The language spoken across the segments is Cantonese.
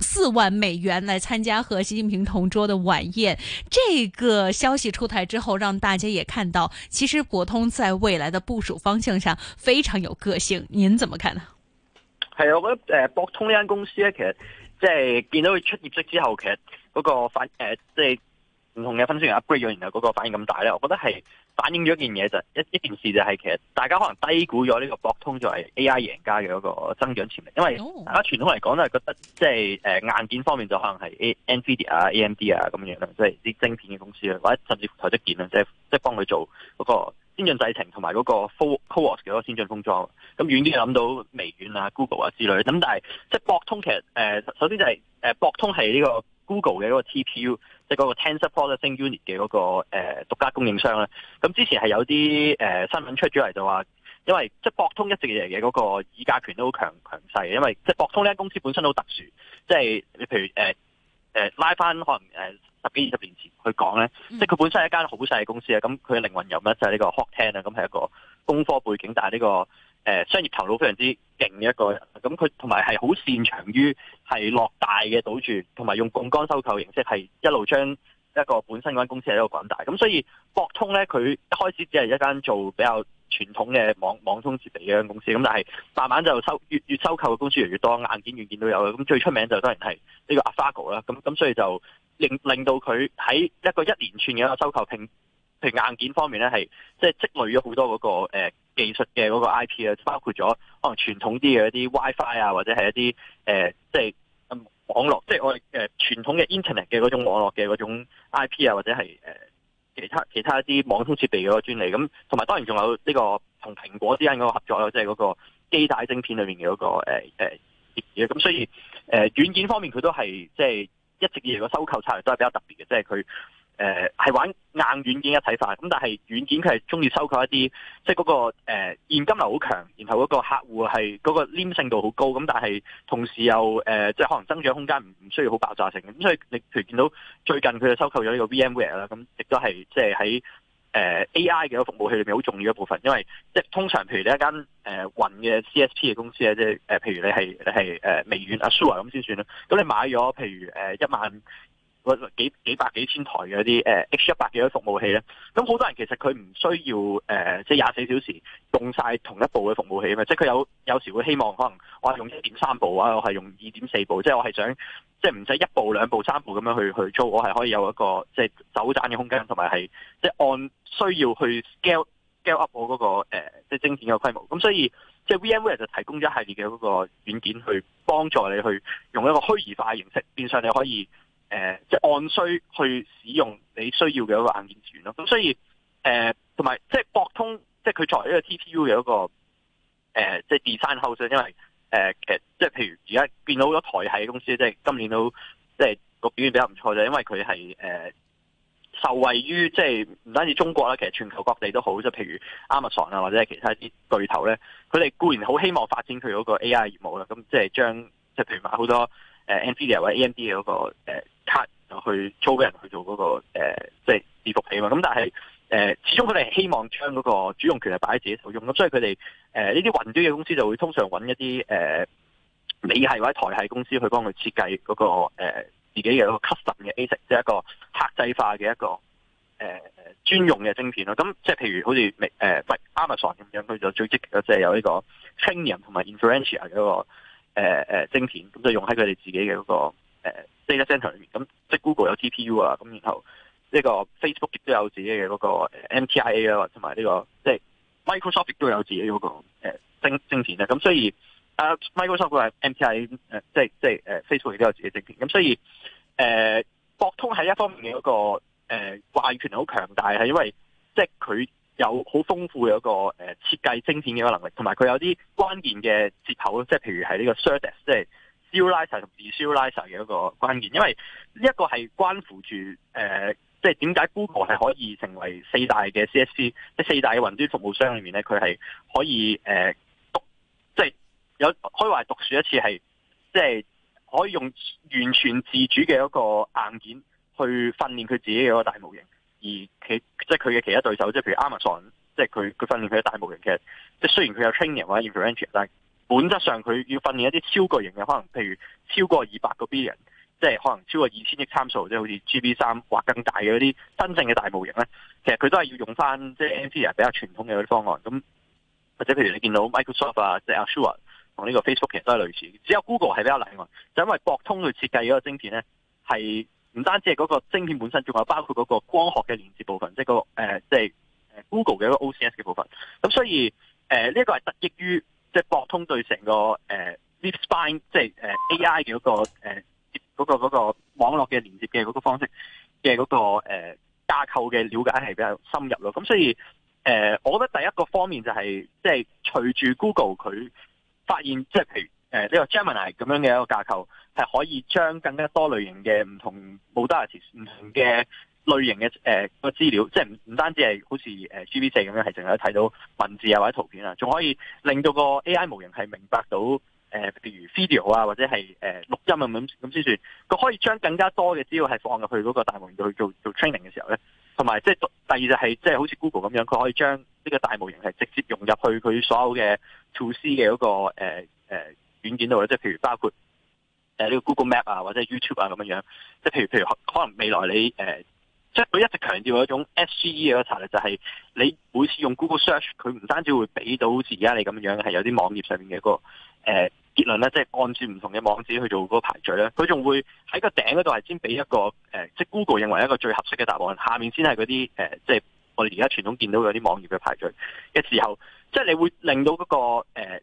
四萬美元來參加和習近平同桌的晚宴，這個消息出台之後，讓大家也看到，其實博通在未來的部署方向上非常有個性。您怎麼看呢？係啊，我覺得誒、呃，博通呢間公司咧，其實即係見到佢出業績之後，其實嗰個反誒即係。呃就是同嘅分析員 upgrade 咗然後嗰個反應咁大咧，我覺得係反映咗一件嘢就一一件事就係、是、其實大家可能低估咗呢個博通作為 AI 贏家嘅嗰個增長潛力，因為大家傳統嚟講都係覺得即係誒硬件方面就可能係 NVIDIA 啊 AMD 啊咁樣即係啲晶片嘅公司啦，或者甚至乎台積電啊，即係即係幫佢做嗰個先進製程同埋嗰個 FO, Co CoWoS 嘅嗰個先進封裝。咁遠啲就諗到微軟啊 Google 啊之類，咁但係即係博通其實誒、呃、首先就係誒博通係呢個 Google 嘅嗰個 TPU。即係嗰個 Tensor Processing Unit 嘅嗰個誒獨家供應商咧，咁之前係有啲誒新聞出咗嚟就話，因為即係博通一直以嚟嘅嗰個議價權都好強強勢，因為即係博通呢間公司本身好特殊，即係你譬如誒誒呃拉翻可能誒十幾二十年前去講咧，即係佢本身係一間好細嘅公司啊，咁佢嘅靈魂有乜就係呢個 hot ten 啊，咁係一個工科背景，但係呢個。誒，商業頭腦非常之勁嘅一個人，咁佢同埋係好擅長於係落大嘅賭注，同埋用槓桿收購形式，係一路將一個本身嗰間公司係一個滾大。咁所以博通咧，佢一開始只係一間做比較傳統嘅網網通設備嘅公司，咁但係慢慢就收越越收購嘅公司越越多，硬件軟件都有。咁最出名就當然係呢個 Avago 啦。咁咁所以就令令到佢喺一個一連串嘅一個收購平，譬，譬如硬件方面咧，係即係積累咗好多嗰個、那個、欸技術嘅嗰個 I P 啊，包括咗可能傳統啲嘅一啲 WiFi 啊，或者係一啲誒、即、呃、係、就是、網絡，即、就、係、是、我哋誒傳統嘅 internet 嘅嗰種網絡嘅嗰種 I P 啊，或者係誒、呃、其他其他一啲網通設備嗰個專利。咁同埋當然仲有呢、這個同蘋果之間嗰個合作咯，即係嗰個基帶晶片裏面嘅嗰、那個誒誒嘢。咁、呃、所以誒軟、呃、件方面佢都係即係一直以嚟個收購策略都係比較特別嘅，即係佢。誒係、呃、玩硬軟件嘅睇法，咁但係軟件佢係中意收購一啲，即係嗰個誒、呃、現金流好強，然後嗰個客戶係嗰個黏性度好高，咁但係同時又誒、呃，即係可能增長空間唔唔需要好爆炸性。咁所以你譬如見到最近佢就收購咗呢個 VMware 啦，咁亦都係即係喺誒 AI 嘅服務器裏面好重要一部分，因為即係通常譬如你一間誒、呃、雲嘅 CSP 嘅公司咧，即係、呃、譬如你係係誒微軟啊、Azure 咁先算啦，咁你買咗譬如一萬。幾幾百幾千台嘅一啲誒 H 一百嘅服務器咧，咁好多人其實佢唔需要誒、呃，即係廿四小時用晒同一部嘅服務器啊。即係佢有有時會希望可能我用一點三部啊，我係用二點四部，即係我係想即係唔使一部兩部三部咁樣去去租，我係可以有一個即係走盞嘅空間，同埋係即係按需要去 scale scale up 我嗰、那個誒、呃、即係精簡嘅規模。咁所以即係 VMware 就提供咗一系列嘅嗰個軟件去幫助你去用一個虛擬化嘅形式，變相你可以。誒、呃，即係按需去使用你需要嘅一個硬件資源咯。咁、嗯、所以誒，同、呃、埋即係博通，即係佢作為一個 TPU 嘅一個誒、呃，即係 design house，因為誒其實即係譬如而家見到咗台系嘅公司，即係今年都即係個表現比較唔錯嘅，因為佢係誒受惠於即係唔單止中國啦，其實全球各地都好。即係譬如 Amazon 啊，或者係其他啲巨頭咧，佢哋固然好希望發展佢嗰個 AI 業務啦。咁、嗯、即係將即係譬如話好多誒、呃、NVIDIA 或者 AMD 嘅嗰、那個、呃就去租俾人去做嗰、那個即係、呃就是、伺服器嘛。咁但係誒、呃，始終佢哋係希望將嗰個主用權係擺喺自己手用。咁所以佢哋誒呢啲雲端嘅公司就會通常揾一啲誒、呃、美係或者台系公司去幫佢設計嗰、那個、呃、自己嘅一個 custom 嘅 ASIC，即係一個客製化嘅一個誒專用嘅晶片咯。咁即係譬如好似微誒 Amazon 咁樣，佢就最積極即係有呢個 Trainium 同埋 Inferentia 嘅一個誒誒、那個呃、晶片，咁就用喺佢哋自己嘅嗰、那個。誒，data center 裏面咁，即係 Google 有 TPU 啊，咁然後呢個 Facebook 亦都有自己嘅嗰個 MTIA 啊、這個，同、就、埋、是、呢個即係 Microsoft 都有自己嗰個誒晶晶片咧。咁所以誒，Microsoft 係 MTI 誒、就是，即、就、係、是、即係誒，Facebook 亦都有自己嘅晶片。咁所以誒、呃，博通喺一方面嘅一、那個誒話語權好強大，係因為即係佢有好豐富嘅一個誒設計晶片嘅一個能力，同埋佢有啲關鍵嘅接口，即係譬如係呢個 SerDes，即係。serializer 同 de-serializer 嘅一個關鍵，因為呢個係關乎住誒，即、呃、係點、就、解、是、Google 係可以成為四大嘅 CSP 即係四大嘅雲端服務商裏面咧，佢係可以誒獨，即、呃、係、就是、有可以話獨樹一幟係，即、就、係、是、可以用完全自主嘅一個硬件去訓練佢自己嘅一個大模型，而佢即係佢嘅其他對手，即係譬如 Amazon，即係佢佢訓練佢嘅大模型嘅，即係、就是、雖然佢有 training 或者 inference，但係。本質上，佢要訓練一啲超巨型嘅，可能譬如超過二百個 billion，即係可能超過二千億參數，即係好似 G b 三或更大嘅嗰啲真正嘅大模型咧。其實佢都係要用翻即係 Nvidia 比較傳統嘅嗰啲方案。咁或者譬如你見到 Microsoft 啊，即係 Azure 同呢個 Facebook 其實都係類似，只有 Google 係比較例外，就因為博通佢設計嗰個晶片咧係唔單止係嗰個晶片本身，仲有包括嗰個光學嘅連接部分，即係、嗰個即、呃即係、Google 嘅一個 O C S 嘅部分。咁所以呢、呃呢個係得益於。即係博通對成個誒，lift spine 即係誒 AI 嘅嗰、那個誒，嗰、uh, 那個嗰、那個網絡嘅連接嘅嗰個方式嘅嗰、那個誒、uh, 架構嘅了解係比較深入咯。咁所以誒，uh, 我覺得第一個方面就係、是、即係、就、隨、是、住 Google 佢發現，即、就、係、是、譬如誒呢、uh, 個 Gemini 咁樣嘅一個架構係可以將更加多類型嘅唔同 modality 唔同嘅類型嘅資料，即係唔唔單止係好似 GPT-4 咁樣，係淨係睇到文字啊或者圖片啊，仲可以令到個 AI 模型係明白到、呃、譬如 video 啊或者係、呃、錄音啊咁咁咁先算。佢可以將更加多嘅資料係放入去嗰個大模型度去做做 training 嘅時候咧，同埋即係第二就係即係好似 Google 咁樣，佢可以將呢個大模型係直接融入去佢所有嘅 to C 嘅嗰個、呃呃、軟件度咧，即係譬如包括呢個 Google Map 啊或者 YouTube 啊咁樣樣。即係譬如譬如可能未來你、呃即係佢一直強調嗰種 SGE 嘅嗰個策略，就係你每次用 Google Search，佢唔單止會俾到好似而家你咁樣，係有啲網頁上面嘅嗰個誒結論咧，即係按住唔同嘅網址去做嗰個排序咧，佢仲會喺個頂嗰度係先俾一個誒，即係 Google 認為一個最合適嘅答案，下面先係嗰啲誒，即係我哋而家傳統見到有啲網頁嘅排序嘅時候，即係你會令到嗰個誒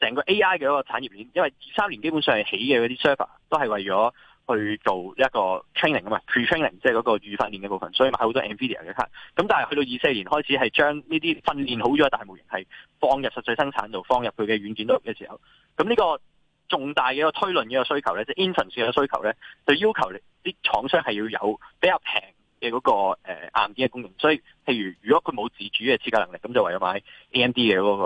成個 AI 嘅一個產業鏈，因為二三年基本上係起嘅嗰啲 server 都係為咗。去做一個 training 啊嘛，pre-training 即係嗰個預訓練嘅部分，所以咪好多 NVIDIA 嘅卡。咁但係去到二四年開始係將呢啲訓練好咗嘅大模型係放入實際生產度，放入佢嘅軟件度嘅時候，咁呢個重大嘅一個推論嘅一個需求咧，即係 inference 嘅需求咧，就要求你啲廠商係要有比較平嘅嗰個硬件嘅功能。所以譬如如果佢冇自主嘅設計能力，咁就唯有買 AMD 嘅嗰個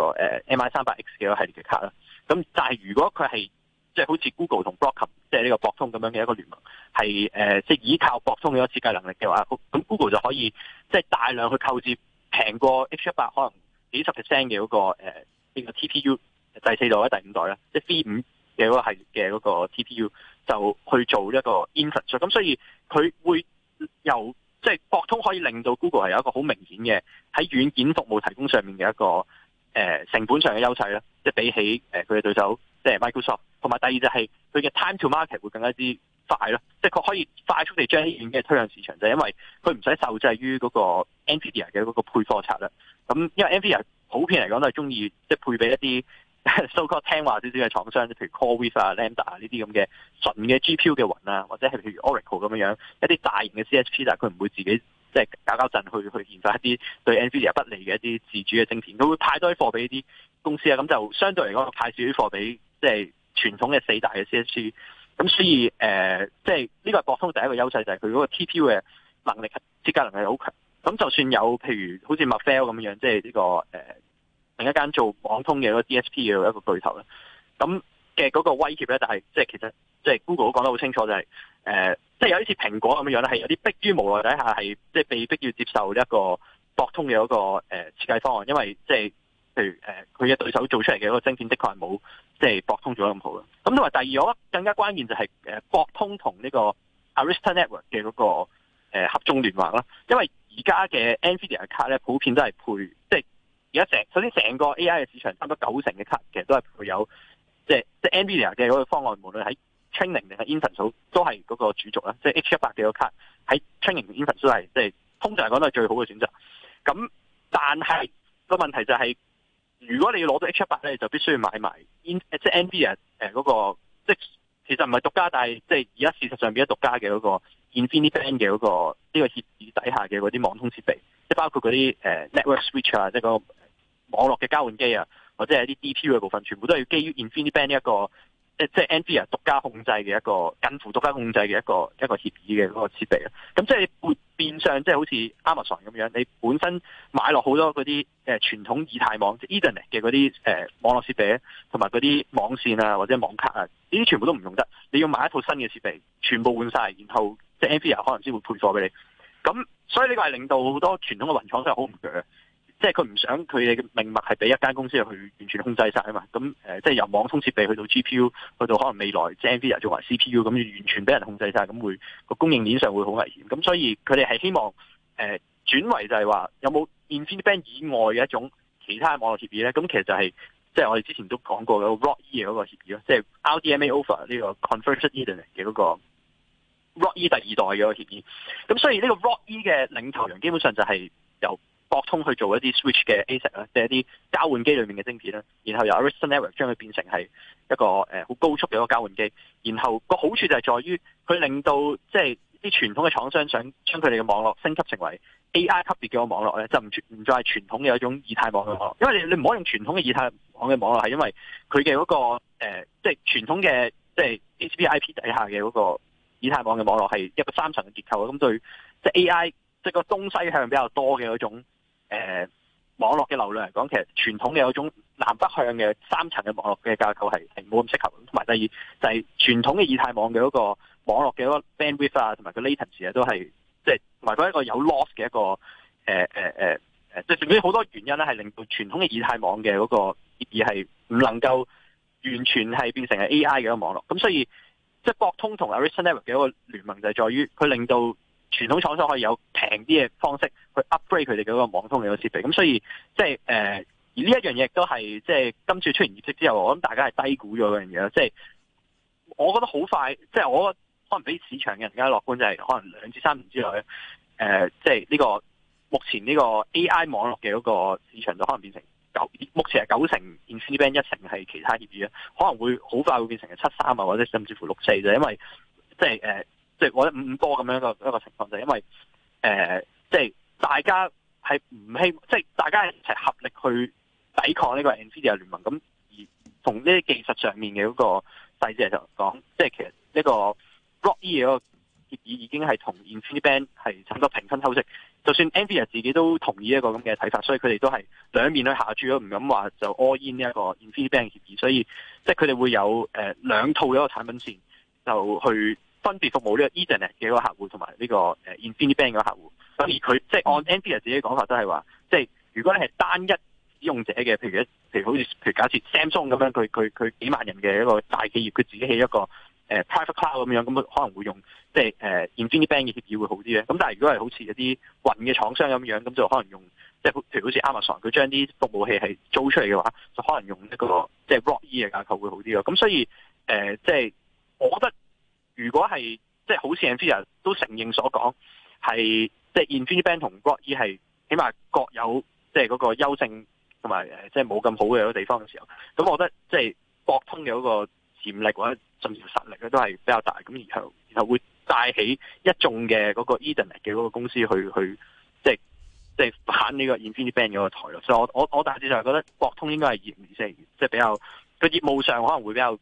MI 三百 X 嘅系列嘅卡啦。咁但係如果佢係即係好似 Google 同 Broadcom 即係呢個博通咁樣嘅一個聯盟，係即係依靠博通嘅設計能力嘅話，咁 Google 就可以即係、就是、大量去購置平過 H100 可能幾十 percent 嘅嗰個呢、呃這個 TPU 第四代或者第五代啦，即係 V 五嘅嗰個系列嘅嗰個 TPU 就去做一個 infrastructure。咁所以佢會由即係、就是、博通可以令到 Google 係有一個好明顯嘅喺軟件服務提供上面嘅一個誒、呃、成本上嘅優勢啦，即係比起誒佢嘅對手。即係 Microsoft，同埋第二就係佢嘅 time to market 會更加之快咯，即係佢可以快速地將啲嘢推向市場，就係因為佢唔使受制於嗰個 Nvidia 嘅嗰個配貨策略。咁因為 Nvidia 普遍嚟講都係鍾意即係配備一啲比較聽話少少嘅廠商，即譬如 CoreWeave 啊、Lambda 啊呢啲咁嘅純嘅 GPU 嘅雲啊，或者係譬如 Oracle 咁樣樣一啲大型嘅 CSP，但係佢唔會自己即係搞搞震去去研發一啲對 Nvidia 不利嘅一啲自主嘅晶片，佢會派多啲貨俾啲公司啊，咁就相對嚟講派少啲貨俾。即係傳統嘅四大嘅 C.S.C. 咁，所以誒，即係呢個博通第一個優勢就係、是、佢嗰個 T.P.U. 嘅能力設計能力好強。咁就算有譬如好似 Marvell 咁樣，即係呢個誒、呃、另一間做網通嘅嗰個 D.S.P. 嘅一個巨頭咧，咁嘅嗰個威脅咧，就係即係其實即係、就是、Google 都講得好清楚、就是呃，就係誒，即係有啲似蘋果咁樣咧，係有啲迫於無奈底下係即係被逼要接受一個博通嘅一個誒設計方案，因為即係譬如誒佢嘅對手做出嚟嘅嗰個晶片，的確係冇。即係博通做得咁好啦，咁同埋第二，我覺得更加關鍵就係誒博通同呢個 Arista Network 嘅嗰個合縱聯盟啦，因為而家嘅 Nvidia 嘅卡咧普遍都係配，即係而家成首先成個 AI 嘅市場差唔多九成嘅卡其實都係配有，即係即係 Nvidia 嘅嗰個方案，無論喺 training 定係 inference 都係嗰個主軸啦，即係 H 一百幾個卡喺 training 同 inference 都係即係通常嚟講都係最好嘅選擇。咁但係個問題就係。如果你要攞到 H 一八咧，你就必須要買埋 In 即係 NVIDIA 嗰個，即係其實唔係獨家，但係即係而家事實上面係獨家嘅嗰個 InfiniBand 嘅嗰個呢個協議底下嘅嗰啲網通設備，即係包括嗰啲 network switch 啊，即係個網絡嘅交換機啊，或者係啲 GPU 嘅部分，全部都要基於 InfiniBand 呢一個。即係 NVIDIA 獨家控制嘅一個近乎獨家控制嘅一個一個協議嘅嗰個設備啊，咁即係會變相即係、就是、好似 Amazon 咁樣，你本身買落好多嗰啲誒傳統以太網 Ethernet 嘅嗰啲誒網絡設備，同埋嗰啲網線啊或者網卡啊，呢啲全部都唔用得，你要買一套新嘅設備，全部換晒，然後即係 NVIDIA 可能先會配貨俾你，咁所以呢個係令到好多傳統嘅雲廠都係好唔妥嘅。即係佢唔想佢哋嘅命脈係俾一間公司去完全控制晒啊嘛，咁誒、呃，即係由網通設備去到 GPU，去到可能未來即 NVIDIA 做埋 CPU 咁，完全俾人控制晒。咁會、個供應鏈上會好危險。咁所以佢哋係希望誒、呃、轉為就係話有冇 Infiniband 以外嘅一種其他網絡協議咧？咁其實就係、是、即係我哋之前都講過嘅 Rock E 嘅嗰個協議咯，即係 RDMA Over 呢個 Convergent Ethernet 嘅嗰個 Rock E 第二代嘅協議。咁所以呢個 Rock E 嘅領頭羊基本上就係由博通去做一啲 switch 嘅 ASIC 啦，即係一啲交換機裏面嘅晶片啦，然後由 Arista Network 將佢變成係一個誒好高速嘅一個交換機，然後個好處就係在於佢令到即係啲傳統嘅廠商想將佢哋嘅網絡升級成為 AI 級別嘅個網絡咧，就唔唔再係傳統嘅一種以太網嘅網絡，因為你你唔可以用傳統嘅以太網嘅網絡，係因為佢嘅嗰個誒即係傳統嘅即係 i p、IP、底下嘅嗰個以太網嘅網絡係一個三層嘅結構，咁對即係 AI 即係個東西向比較多嘅嗰種。誒網絡嘅流量嚟講，其實傳統嘅有一種南北向嘅三層嘅網絡嘅架構係係冇咁適合的。同埋第二就係、是、傳統嘅以太網嘅嗰個網絡嘅嗰個 bandwidth 啊，同埋個 latency 啊，都係即係同埋嗰一個有 loss 嘅一個誒誒誒誒，即係總之好多原因咧，係令到傳統嘅以太網嘅嗰、那個協議係唔能夠完全係變成係 AI 嘅一個網絡。咁所以即係博通同 Arista 嘅一個聯盟就係在於佢令到傳統廠商可以有平啲嘅方式去 upgrade 佢哋嗰個網通嘅嗰個設備，咁所以即係誒，而呢一樣嘢都係即係今次出完業績之後，我諗大家係低估咗嗰樣嘢咯。即係我覺得好快，即係我覺得可能比市場更加樂觀，就係可能兩至三年之內，誒、呃，即係呢個目前呢個 AI 網絡嘅嗰個市場，就可能變成九，目前係九成 InfiniBand 一成係其他協議啊，可能會好快會變成七三啊，或者甚至乎六四啫，因為即係誒。就是呃即係我得五五波咁樣一個一個情況，就是、因為誒、呃，即係大家係唔希望，即係大家一齊合力去抵抗呢個 Nvidia 聯盟咁。而同呢啲技術上面嘅嗰個細節嚟講，即係其實呢個 RoCE 嗰個協議已經係同 InfiniBand 係差唔多平分秋色。就算 Nvidia 自己都同意一個咁嘅睇法，所以佢哋都係兩面都下注，都唔敢話就 all in 呢一個 InfiniBand 協議，所以即係佢哋會有誒、呃、兩套一個產品線就去。分別服務呢個 Ethernet 嘅個客戶同埋呢個 InfiniBand 嘅個客戶。所以佢即係按 e p h 自己講法，都係話，即係如果你係單一使用者嘅，譬如譬如好似譬如假設 Samsung 咁樣，佢佢佢幾萬人嘅一個大企業，佢自己起一個、呃、private cloud 咁樣，咁可能會用即係 InfiniBand 嘅協議會好啲。咁但係如果係好似一啲雲嘅廠商咁樣，咁就可能用即係譬如好似 Amazon 佢將啲服務器係租出嚟嘅話，就可能用一、那個即係 Rocky 嘅架構會好啲咯。咁所以即、呃就是、我覺得。如果係即係好似 Enfia 都承認所講，係即係、就是、InfiniBand 同國醫係起碼是各有即係嗰個優勝同埋誒即係冇咁好嘅地方嘅時候，咁我覺得即係博通嘅嗰個潛力或者進前實力咧都係比較大，咁然後然後會帶起一眾嘅嗰個 Ethernet 嘅嗰個公司去去即係即係反呢個 InfiniBand 嗰個台咯，所以我，我，我大致上覺得博通應該係業餘四，即、就、係、是、比較個業務上可能會比較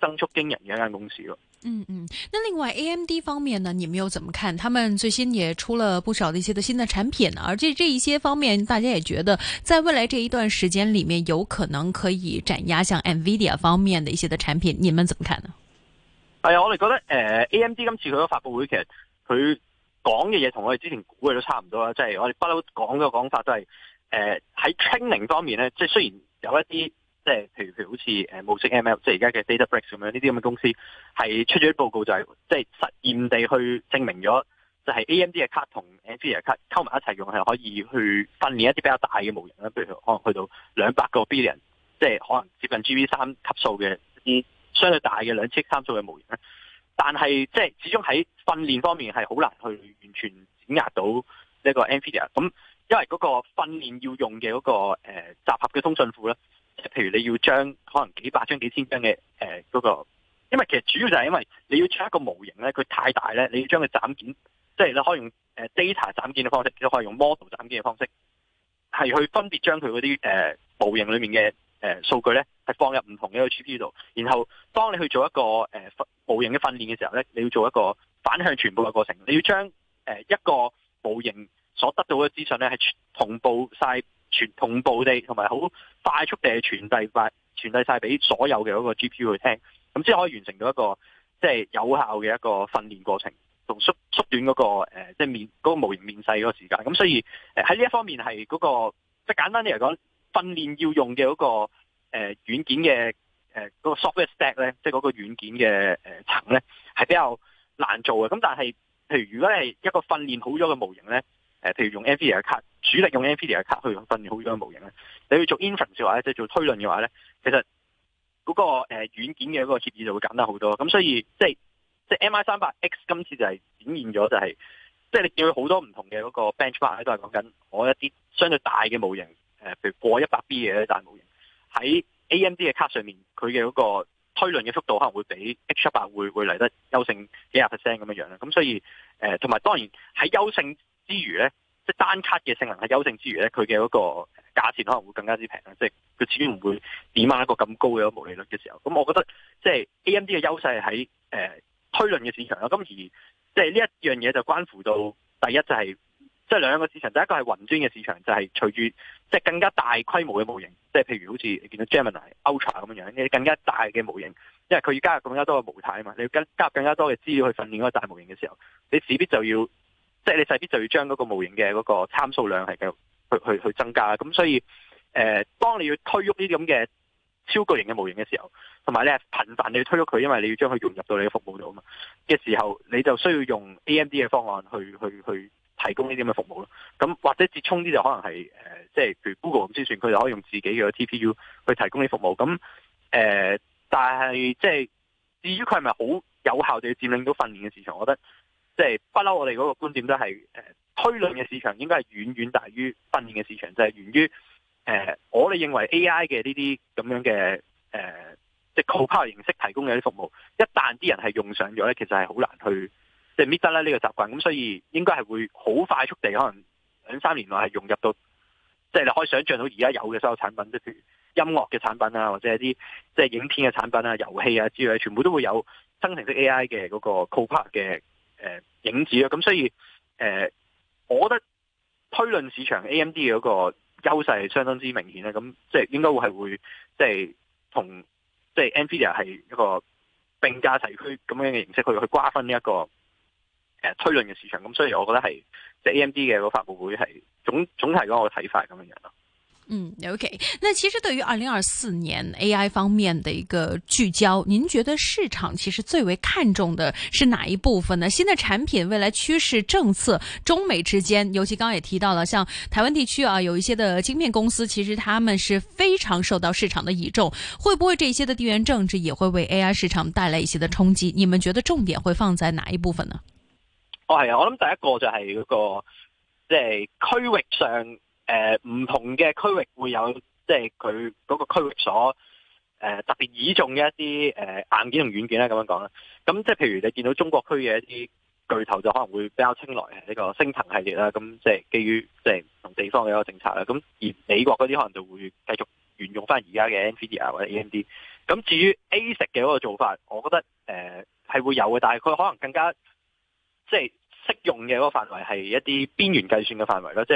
增速驚人嘅一間公司咯。嗯嗯，那另外 A M D 方面呢？你們又怎麼看？他們最新也出了不少的一些的新的產品，而且這一些方面，大家也覺得在未來這一段時間裏面，有可能可以碾壓像 Nvidia 方面的一些的產品，你們怎麼看呢？係啊，我哋覺得誒、呃、，A M D 今次佢個發布會其實佢講嘅嘢同我哋之前估嘅都差唔多啦、就是呃，即係我哋不嬲講嘅講法都係，誒喺 training 方面咧，即係雖然有一啲。即係譬如譬如好似誒模式 ML，即係而家嘅 DataBricks 咁樣呢啲咁嘅公司係出咗啲報告，就係，就係即係實驗地去證明咗，就係 AMD 嘅卡同 NVIDIA 卡溝埋一齊用係可以去訓練一啲比較大嘅模型啦。譬如可能去到兩百個 billion，即係可能接近 GV 三級數嘅相對大嘅兩千三數嘅模型咧。但係即係始終喺訓練方面係好難去完全碾壓到呢個 NVIDIA 咁，因為嗰個訓練要用嘅嗰個誒集合嘅通訊庫咧。譬如你要將可能幾百張、幾千張嘅嗰個，因為其實主要就係因為你要將一個模型咧，佢太大咧，你要將佢斬件，即係你可以用 data 斬件嘅方式，亦都可以用 model 斬件嘅方式，係去分別將佢嗰啲模型裏面嘅數據咧，係放入唔同嘅 GPU 度。然後當你去做一個模型嘅訓練嘅時候咧，你要做一個反向傳播嘅過程，你要將一個模型所得到嘅資訊咧，係同步曬。全同步地同埋好快速地傳遞，快傳遞晒俾所有嘅嗰個 GPU 去聽，咁先可以完成到一個即係有效嘅一個訓練過程，同縮縮短嗰個呃即係面嗰個模型面世嗰個時間。咁所以喺呢、呃、一方面係嗰個即係簡單啲嚟講，訓練要用嘅嗰個誒軟件嘅誒嗰個 software stack 咧，即係嗰個軟件嘅、呃、層咧，係比較難做嘅。咁但係，譬如如果你係一個訓練好咗嘅模型咧。誒，譬如用 NVIDIA 嘅卡，主力用 NVIDIA 嘅卡去訓練好大嘅模型咧，你去做 inference 嘅話咧，即係做推論嘅話咧，其實嗰個誒軟件嘅一個協議就會簡單好多。咁所以，即係即係 MI 三百 X 今次就係展現咗、就係，就係即係你見到好多唔同嘅嗰個 benchmark 咧，都係講緊我一啲相對大嘅模型，誒，譬如過一百 B 嘅大模型喺 AMD 嘅卡上面，佢嘅嗰個推論嘅速度可能會比 H 一百會會嚟得優勝幾十 percent 咁樣樣啦。咁所以誒，同、呃、埋當然喺優勝。之餘咧，即係單卡嘅性能係優勝之餘咧，佢嘅嗰個價錢可能會更加之平啦，即係佢始終唔會點啊一個咁高嘅一個毛利率嘅時候。咁我覺得即係 AMD 嘅優勢係喺誒推論嘅市場啦。咁而即係呢一樣嘢就關乎到第一就係即係兩個市場，第一個係雲端嘅市場，就係隨住即係更加大規模嘅模型，即係譬如好似你見到 Gemini Ultra 咁樣樣，你更加大嘅模型，因為佢要加入更加多嘅模態啊嘛，你要加加入更加多嘅資料去訓練嗰個大模型嘅時候，你勢必就要。即係你勢必就要將嗰個模型嘅嗰個參數量係繼續去去去增加，咁所以誒、呃，當你要推喐呢啲咁嘅超巨型嘅模型嘅時候，同埋咧頻繁你要推喐佢，因為你要將佢融入到你嘅服務度啊嘛嘅時候，你就需要用 AMD 嘅方案去去去提供呢啲咁嘅服務咯。咁或者接充啲就可能係誒，即、呃、係譬如 Google 咁先算，佢就可以用自己嘅 TPU 去提供啲服務。咁誒、呃，但係即係至於佢係咪好有效地佔領到訓練嘅市場，我覺得。即係不嬲，我哋嗰個觀點都係，誒，推論嘅市場應該係遠遠大於訓練嘅市場，就係源於，誒，我哋認為 AI 嘅呢啲咁樣嘅，誒，即係 Copilot 形式提供嘅啲服務，一旦啲人係用上咗咧，其實係好難去，即係搣得啦呢個習慣，咁所以應該係會好快速地可能兩三年內係融入到，即係你可以想象到而家有嘅所有產品，即譬如音樂嘅產品啊，或者一啲即係影片嘅產品啊、遊戲啊之類，全部都會有生成式 AI 嘅嗰個 Copilot 嘅。影子啊，咁所以誒、呃，我覺得推論市場 AMD 嘅嗰個優勢係相當之明顯啦，咁即係應該會係會即係同即係 NVIDIA 係一個並駕齊驅咁樣嘅形式去去瓜分呢一個、呃、推論嘅市場，咁所以我覺得係即 AMD 嘅個發布會係總總係嗰個睇法咁樣樣咯。嗯，OK，那其實對於二零二四年 AI 方面的一個聚焦，您覺得市場其實最為看重的是哪一部分呢？新的產品、未來趨勢、政策、中美之間，尤其剛剛也提到了，像台灣地區啊，有一些的晶片公司，其實他們是非常受到市場的倚重。會不會這些的地緣政治也會為 AI 市場帶來一些的衝擊？你們覺得重點會放在哪一部分呢？哦，係啊，我諗第一個就係嗰個，即係區域上。誒、唔、呃、同嘅區域會有，即係佢嗰個區域所，誒、呃、特別倚重嘅一啲，誒、呃、硬件同軟件啦，咁樣講啦。咁即係譬如你見到中國區嘅一啲巨頭，就可能會比較青睞呢個升騰系列啦。咁即係基於即係唔同地方嘅一個政策啦。咁而美國嗰啲可能就會繼續沿用翻而家嘅 Nvidia 或者 AMD。咁至於 ASIC 嘅嗰個做法，我覺得誒、呃、係會有嘅，但係佢可能更加，即係適用嘅嗰個範圍係一啲邊緣計算嘅範圍咯。即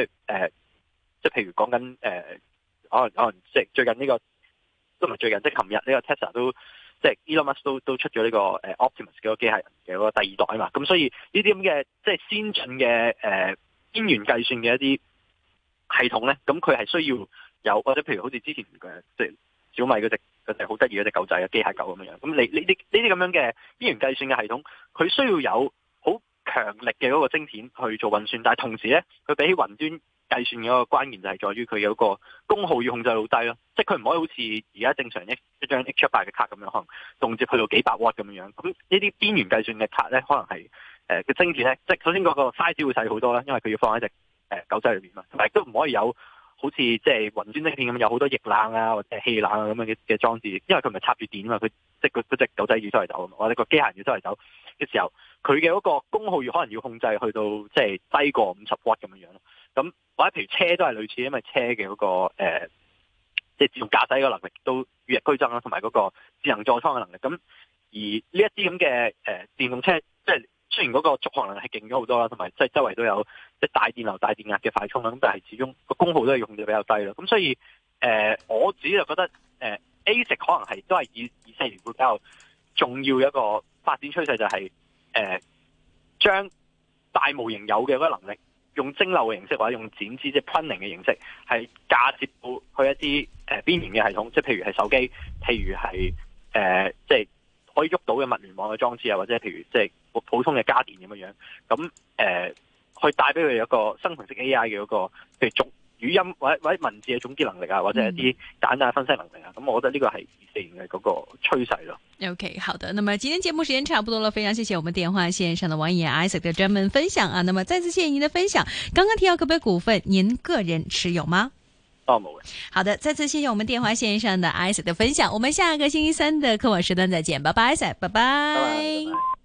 即係譬如講緊誒，可能可能即係最近呢個都唔係最近，即係琴日呢個 Tesla 都即係 Elon Musk 都都出咗呢個誒，Optimus 嗰個機械人嘅嗰個第二代啊嘛。咁所以呢啲咁嘅即係先進嘅，誒，邊緣計算嘅一啲系統咧，咁佢係需要有或者譬如好似之前嘅即係小米嗰隻隻好得意嗰隻狗仔啊，機械狗咁樣樣。咁你你呢啲咁樣嘅邊緣計算嘅系統，佢需要有好強力嘅嗰個晶片去做運算，但係同時咧，佢比起雲端。計算嘅一個關鍵就係在於佢有個功耗要控制到好低咯，即係佢唔可以好似而家正常一一張 H 超大嘅卡咁樣，可能動接去到幾百瓦咁樣。咁呢啲邊緣計算嘅卡咧，可能係誒個精緻咧，即係首先嗰個 size 會細好多啦，因為佢要放喺隻誒狗仔裏面啊，同埋都唔可以有好似即係雲端芯片咁有好多液冷啊或者氣冷啊咁樣嘅裝置，因為佢唔係插住電啊嘛，佢即係嗰隻狗仔要出嚟走，或者個機械要出嚟走嘅時候，佢嘅嗰個功耗要可能要控制去到即係低過五十瓦咁樣樣咯。咁或者譬如車都係類似，因為車嘅嗰、那個即係、呃就是、自動駕駛嘅能力都與日俱增啦，同埋嗰個智能座艙嘅能力。咁而呢一啲咁嘅誒電動車，即、就、係、是、雖然嗰個續航能力係勁咗好多啦，同埋即係周圍都有即係、就是、大電流、大電壓嘅快充啦，咁但係始終個功耗都係用得比較低啦，咁所以誒、呃、我自己就覺得誒 ASIC 可能係都係二二四年會比較重要一個發展趨勢、就是，就係誒將大模型有嘅嗰個能力。用蒸餾嘅形式，或者用剪枝即係 pruning 嘅形式，係嫁接到去一啲誒邊緣嘅系統，即係譬如係手機，譬如係誒即係可以喐到嘅物聯網嘅裝置啊，或者譬如即係普通嘅家電咁樣樣。咁誒去帶俾佢哋一個生成式 AI 嘅一個譬如語音或或文字嘅總結能力啊，或者一啲簡單嘅分析能力啊，咁、嗯、我覺得呢個係二四年嘅嗰個趨勢咯。OK，好的，那麼今天節目時間差不多了，非常謝謝我們電話線上的網友阿 Sir 的專門分享啊。那麼再次謝謝您的分享。剛剛提到個別股份，您個人持有嗎？冇嘅。哦，的好的，再次謝謝我們電話線上的阿 Sir 嘅分享。我們下個星期三的科網時段再見，拜拜，阿 Sir 拜拜。Bye bye, bye bye。